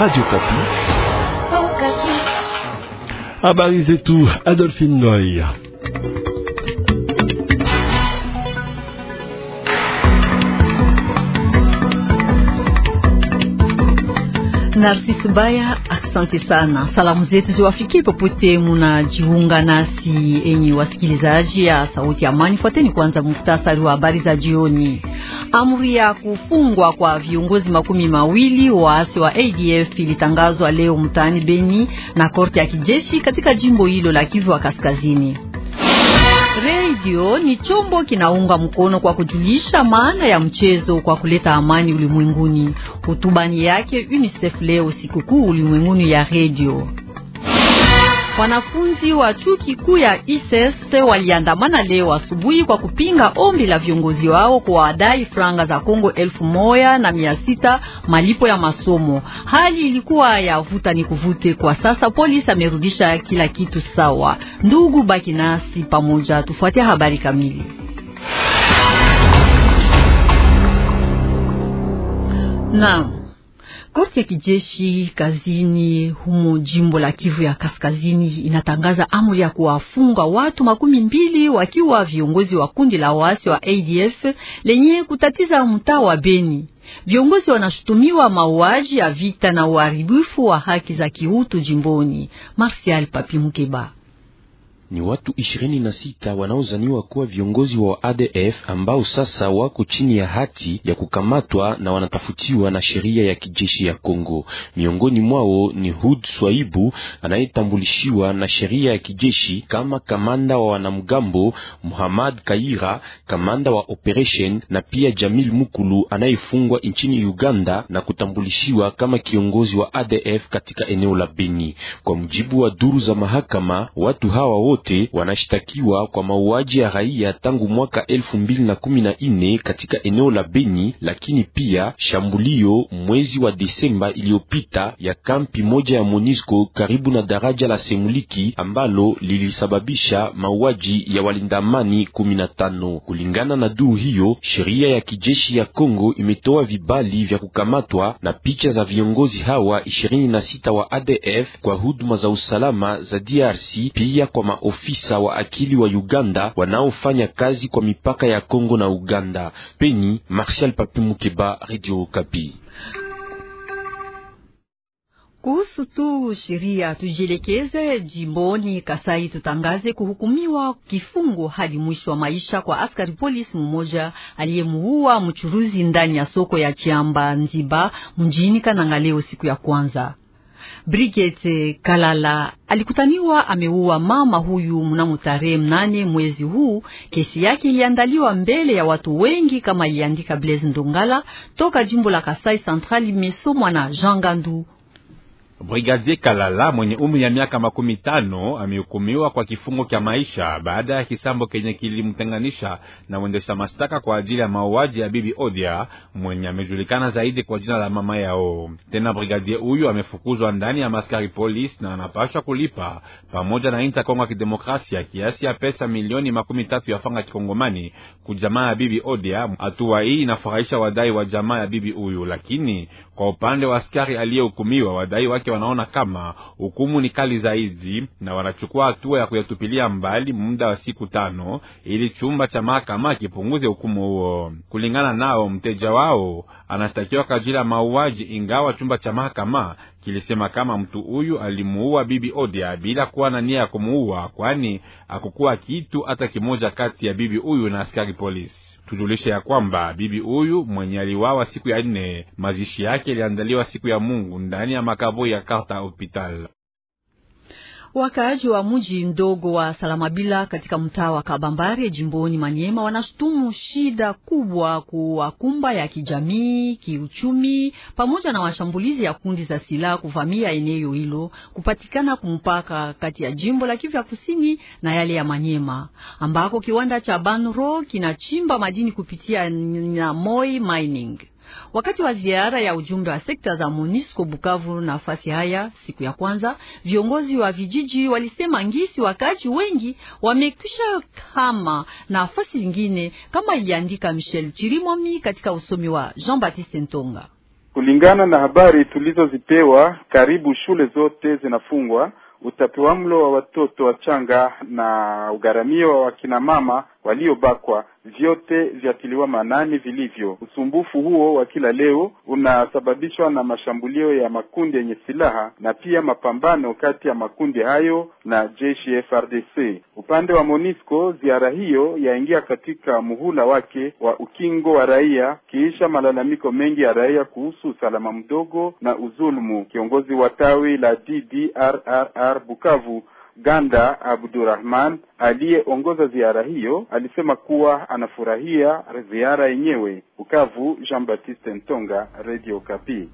Radio oh, Kapi. Habari zetu Adolphine Noy. Narcisse Baya, asante sana. Salamu zetu ziwafikie popote munajiunga nasi, enyi wasikilizaji ya Sauti ya Amani. Fuateni kwanza muhtasari wa habari za jioni. Amri ya kufungwa kwa viongozi makumi mawili waasi wa ADF ilitangazwa leo mtaani Beni na korti ya kijeshi katika jimbo hilo la Kivu wa Kaskazini. Radio ni chombo kinaunga mkono kwa kujulisha maana ya mchezo kwa kuleta amani ulimwenguni. Hutubani yake UNICEF leo sikukuu ulimwenguni ya redio Wanafunzi wa chuo kikuu ya ISS waliandamana leo asubuhi kwa kupinga ombi la viongozi wao kuwadai franga za Kongo elfu moja na mia sita malipo ya masomo. Hali ilikuwa ya vuta ni kuvute. Kwa sasa polisi amerudisha kila kitu sawa. Ndugu, baki nasi pamoja tufuatie habari kamili. Naam. Korti ya kijeshi kazini humo jimbo la Kivu ya Kaskazini inatangaza amri ya kuwafunga watu makumi mbili wakiwa viongozi wa kundi la waasi wa ADF lenye kutatiza mtaa wa Beni. Viongozi wanashutumiwa mauaji ya vita na uharibifu wa haki za kiutu jimboni. Marsial Papi Mukeba ni watu ishirini na sita wanaozaniwa kuwa viongozi wa ADF ambao sasa wako chini ya hati ya kukamatwa na wanatafutiwa na sheria ya kijeshi ya Kongo. Miongoni mwao ni Hud Swaibu anayetambulishiwa na sheria ya kijeshi kama kamanda wa wanamgambo, Muhammad Kaira kamanda wa operation, na pia Jamil Mukulu anayefungwa nchini Uganda na kutambulishiwa kama kiongozi wa ADF katika eneo la Beni. Kwa mujibu wa duru za mahakama, watu hawa wote wote wanashitakiwa kwa mauaji ya raia tangu mwaka elfu mbili na kumi na nne katika eneo la Beni, lakini pia shambulio mwezi wa Desemba iliyopita ya kampi moja ya Monisco karibu na daraja la Semuliki ambalo lilisababisha mauaji ya walinda amani kumi na tano. Kulingana na duu hiyo, sheria ya kijeshi ya Kongo imetoa vibali vya kukamatwa na picha za viongozi hawa ishirini na sita wa ADF kwa huduma za usalama za DRC pia kwa ofisa wa akili wa Uganda wanaofanya kazi kwa mipaka ya Kongo na Uganda. Peni marshal Papi Mukeba, Radio Okapi. Kuhusu tu sheria, tujielekeze jimboni Kasai. Tutangaze kuhukumiwa kifungo hadi mwisho wa maisha kwa askari polisi mmoja aliyemuua mchuruzi ndani ya soko ya Chiamba Nziba mjini Kananga leo siku ya kwanza. Brigitte Kalala alikutaniwa ameua mama huyu mnamo tarehe mnane mwezi huu. Kesi yake iliandaliwa mbele ya watu wengi, kama iliandika Blaise Ndongala toka jimbo la Kasai Central, imesomwa na Jean Gandu Brigadier Kalala mwenye umri ya miaka makumi tano amehukumiwa kwa kifungo cha maisha baada ya kisambo kenye kilimtenganisha na mwendesha mashtaka kwa ajili ya mauaji ya bibi Odia mwenye amejulikana zaidi kwa jina la mama yao. Tena brigadier huyu amefukuzwa ndani ya maskari polisi na anapashwa kulipa pamoja na inta Kongo ya Kidemokrasia kiasi ya pesa milioni makumi tatu ya fanga kikongomani jamaa ya bibi Odia. Hatua hii inafurahisha wadai wa jamaa ya bibi huyu, lakini kwa upande wa askari aliyehukumiwa wadai wake wanaona kama hukumu ni kali zaidi na wanachukua hatua ya kuyatupilia mbali muda wa siku tano ili chumba cha mahakama kipunguze hukumu huo. Kulingana nao, mteja wao anashtakiwa kwa ajili ya mauaji, ingawa chumba cha mahakama kilisema kama mtu huyu alimuua bibi Odia bila kuwa na nia ya kumuua, kwani hakukuwa kitu hata kimoja kati ya bibi huyu na askari polisi. Tujulishe ya kwamba bibi huyu mwenye aliwawa siku ya nne, mazishi yake iliandaliwa siku ya Mungu ndani ya makaburi ya Karta Hospital. Wakaaji wa mji ndogo wa Salamabila katika mtaa wa Kabambare jimboni Manyema wanashutumu shida kubwa kuwakumba ya kijamii, kiuchumi pamoja na mashambulizi ya kundi za silaha kuvamia eneo hilo kupatikana kumpaka kati ya jimbo la Kivu ya Kusini na yale ya Manyema ambako kiwanda cha Banro kinachimba madini kupitia Nyamoi Mining. Wakati wa ziara ya ujumbe wa sekta za MONUSCO Bukavu nafasi haya siku ya kwanza, viongozi wa vijiji walisema ngisi wakaji wengi wamekwisha kama nafasi zingine kama iliandika Michel Chirimwami katika usomi wa Jean-Baptiste Ntonga. Kulingana na habari tulizozipewa, karibu shule zote zinafungwa, utapiwa mlo wa watoto wachanga na ugharamio wa wakinamama waliobakwa vyote vyatiliwa maanani vilivyo. Usumbufu huo wa kila leo unasababishwa na mashambulio ya makundi yenye silaha na pia mapambano kati ya makundi hayo na jeshi FRDC. Upande wa MONUSCO, ziara hiyo yaingia katika muhula wake wa ukingo wa raia, kiisha malalamiko mengi ya raia kuhusu usalama mdogo na uzulumu Kiongozi wa tawi la DDRRR Bukavu Ganda Abdurrahman aliyeongoza ziara hiyo alisema kuwa anafurahia ziara yenyewe. Bukavu, Jean Baptiste Ntonga, Radio Kapi.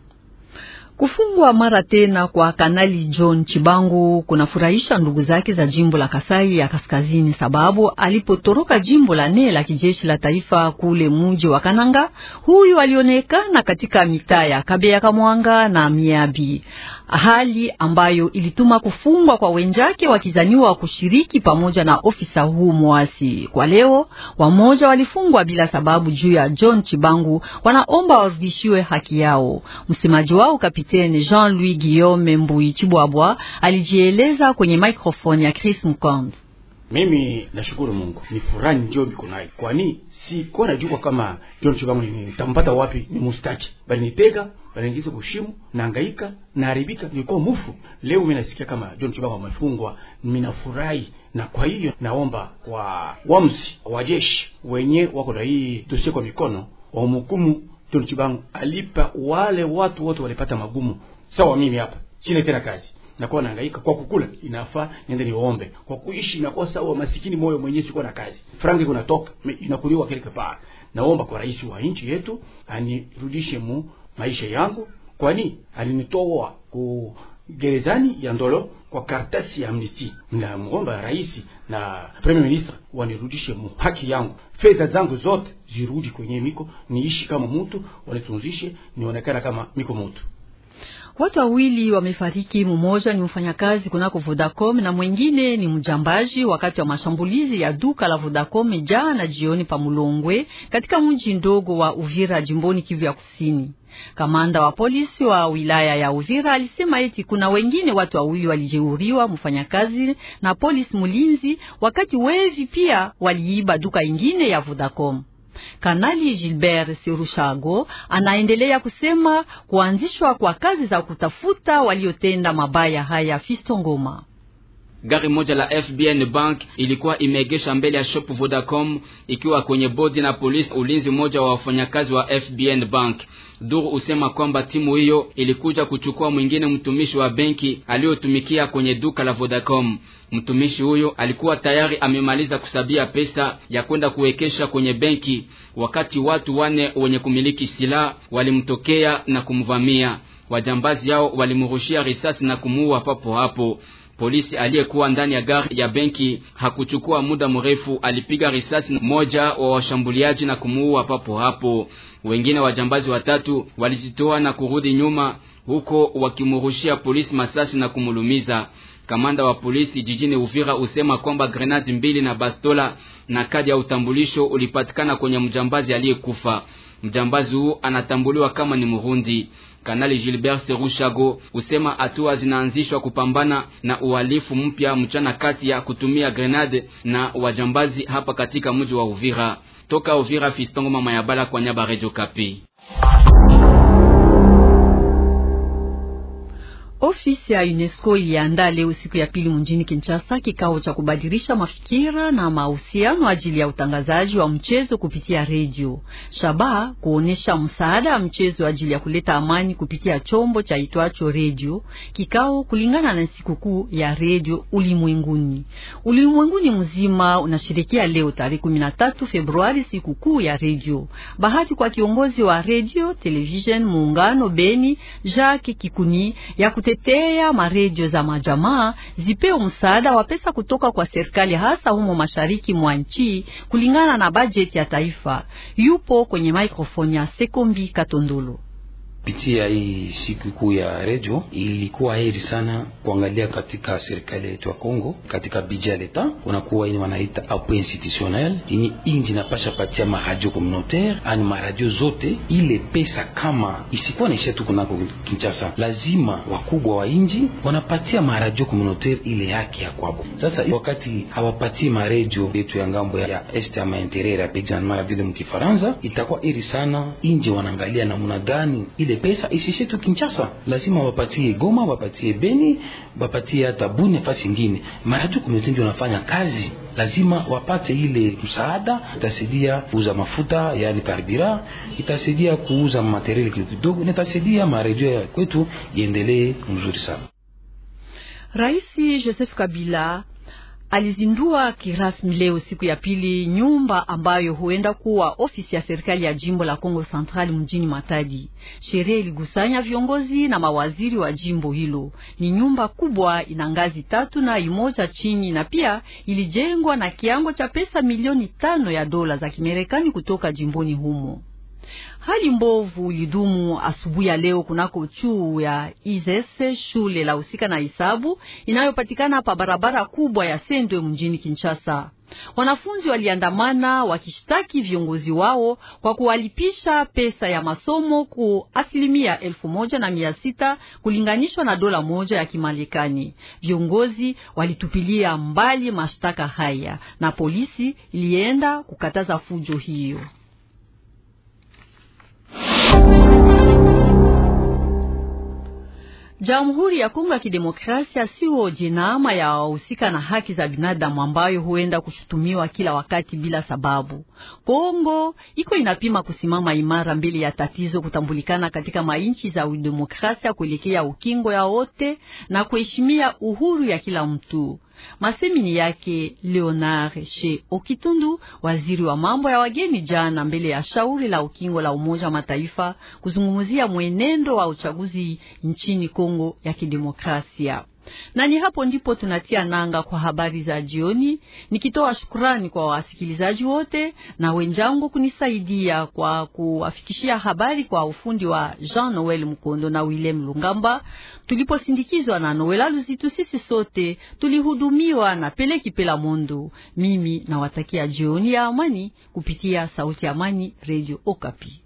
Kufungwa mara tena kwa Kanali John Chibangu kunafurahisha ndugu zake za jimbo la Kasai ya Kaskazini, sababu alipotoroka jimbo la nne la kijeshi la taifa kule muji wa Kananga, huyu alionekana katika mitaa ya Kabeya, Kamwanga na Miabi, hali ambayo ilituma kufungwa kwa wenjake wakizaniwa kushiriki pamoja na ofisa huu mwasi. Kwa leo wamoja walifungwa bila sababu juu ya John Chibangu, wanaomba warudishiwe haki yao. Msemaji wao kapita Kapiteni Jean-Louis Guillaume Mbui Chibwabwa alijieleza kwenye microphone ya Chris Mkond. Mimi nashukuru Mungu, ni furaha njoo biko nayo, kwani siko najua kama John Chibangu nitampata wapi, ni mustaki bali nitega kushimu na hangaika na haribika, nilikuwa mufu. Leo mimi nasikia kama John Chibangu amefungwa, mimi nafurahi, na kwa hiyo naomba kwa wamsi wa jeshi wenye wako na hii tusie kwa mikono wa hukumu John alipa wale watu wote walipata magumu sawa. Mimi hapa sina tena kazi, nakuwa nahangaika kwa kukula, inafaa niende niombe. Kwa kuishi inakuwa sawa, masikini moyo mwenyewe siko na kazi, frangi kunatoka inakuliwa kile kipaa. Naomba kwa rais wa nchi yetu anirudishe mu maisha yangu, kwani alinitoa ku gerezani ya Ndolo kwa karatasi ya amnistia. ya rais na premier ministre wanirudishe muhaki yangu, fedha zangu zote zirudi kwenye miko, niishi kama mtu, wanitunzishe nionekana kama miko mtu. Watu wawili wamefariki, mmoja ni mfanyakazi kunako Vodacom na mwingine ni mjambaji wakati wa mashambulizi ya duka la Vodacom jana jioni pa Mulongwe katika mji ndogo wa Uvira jimboni Kivu ya Kusini. Kamanda wa polisi wa wilaya ya Uvira alisema eti kuna wengine watu wawili walijeuriwa, mfanyakazi na polisi mlinzi, wakati wevi pia waliiba duka ingine ya Vodacom. Kanali Gilbert Serushago anaendelea kusema kuanzishwa kwa kazi za kutafuta waliotenda mabaya haya. Fisto Ngoma Gari moja la FBN Bank ilikuwa imeegesha mbele ya shop Vodacom ikiwa kwenye bodi na polisi ulinzi mmoja wa wafanyakazi wa FBN Bank. Duru usema kwamba timu hiyo ilikuja kuchukua mwingine mtumishi wa benki aliyotumikia kwenye duka la Vodacom. Mtumishi huyo alikuwa tayari amemaliza kusabia pesa ya kwenda kuwekesha kwenye benki wakati watu wane wenye kumiliki silaha walimtokea na kumvamia. Wajambazi hao walimrushia risasi na kumuua papo hapo. Polisi aliyekuwa ndani ya gari ya benki hakuchukua muda mrefu, alipiga risasi moja wa washambuliaji na kumuua papo hapo. Wengine wajambazi watatu walijitoa na kurudi nyuma huko wakimurushia polisi masasi na kumulumiza. Kamanda wa polisi jijini Uvira usema kwamba grenade mbili na bastola na kadi ya utambulisho ulipatikana kwenye mjambazi aliyekufa. Mjambazi huu anatambuliwa kama ni Murundi. Kanali Gilbert Serushago usema hatua zinaanzishwa kupambana na uhalifu mpya mchana kati ya kutumia grenade na wajambazi hapa katika mji wa Uvira. Toka Uvira, Fistongo Mama ya Bala kwa nyaba Radio Kapi. Ofisi ya UNESCO iliandaa leo siku ya pili mjini Kinshasa kikao cha kubadilisha mafikira na mahusiano ajili ya utangazaji wa mchezo kupitia redio. Shabaha kuonesha msaada wa mchezo ajili ya kuleta amani kupitia chombo cha itwacho redio. Kikao kulingana na sikukuu ya redio ulimwenguni. Ulimwenguni mzima unashirikia leo tarehe 13 Februari, sikukuu ya redio. Bahati kwa kiongozi wa redio television muungano Beni Jacques Kikuni ya kute kutetea maredio za majamaa zipewe msaada wa pesa kutoka kwa serikali, hasa humo mashariki mwa nchi kulingana na bajeti ya taifa. Yupo kwenye maikrofoni ya Sekombi Katondolo pitia hii siku kuu ya redio ilikuwa heri sana kuangalia katika serikali yetu ya Kongo, katika bidje ya leta kunakuwa ini wanaita apo institutionnel ini inji napasha patia maradio communautaire ani maradio zote. Ile pesa kama isikuwa naisha tu kunako Kinshasa, lazima wakubwa wa inji wanapatia maradio communautaire ile yake ya kwabo. Sasa wakati hawapatie maradio yetu ya ngambo ya este ya maentere ya pejana mara vile mkifaransa, itakuwa heri sana inji wanaangalia namna gani ile ile pesa isishe tu Kinshasa, lazima wapatie Goma, wapatie Beni, wapatie hata buni nafasi ingine. Mara tu kumitendi wanafanya kazi, lazima wapate ile msaada. Itasaidia kuuza mafuta, yani karibira, itasaidia kuuza materiali kidogo, na itasaidia maredio ya kwetu iendelee mzuri sana. Raisi Joseph Kabila alizindua kirasmi leo siku ya pili nyumba ambayo huenda kuwa ofisi ya serikali ya jimbo la Kongo Central mjini Matadi. Sherehe ilikusanya viongozi na mawaziri wa jimbo hilo. Ni nyumba kubwa, ina ngazi tatu na imoja chini, na pia ilijengwa na kiango cha pesa milioni tano ya dola za kimerekani kutoka jimboni humo. Hali mbovu ilidumu asubuhi ya leo kunako chuo ya isese shule la husika na hisabu inayopatikana pa barabara kubwa ya Sendwe mjini Kinshasa. Wanafunzi waliandamana wakishtaki viongozi wao kwa kuwalipisha pesa ya masomo ku asilimia elfu moja na mia sita kulinganishwa na dola moja ya Kimarekani. Viongozi walitupilia mbali mashtaka haya na polisi ilienda kukataza fujo hiyo. Jamhuri ya Kongo ya Kidemokrasia siyo jinama ya wahusika na haki za binadamu ambayo huenda kushutumiwa kila wakati bila sababu. Kongo iko inapima kusimama imara mbele ya tatizo kutambulikana katika mainchi za udemokrasia kuelekea ukingo ya wote na kuheshimia uhuru ya kila mtu. Masemini yake Leonard She Okitundu, waziri wa mambo ya wageni, jana mbele ya shauri la ukingo la Umoja wa Mataifa kuzungumzia mwenendo wa uchaguzi nchini Kongo ya Kidemokrasia. Na ni hapo ndipo tunatia nanga kwa habari za jioni, nikitoa shukrani kwa wasikilizaji wote na wenjangu kunisaidia kwa kuwafikishia habari kwa ufundi wa Jean Noel Mkondo na Willem Lungamba. Tuliposindikizwa na Noela Luzitu, sisi sote tulihudumiwa na Pele Pela Mondo. Mimi nawatakia jioni ya amani kupitia Sauti ya Amani, Radio Okapi.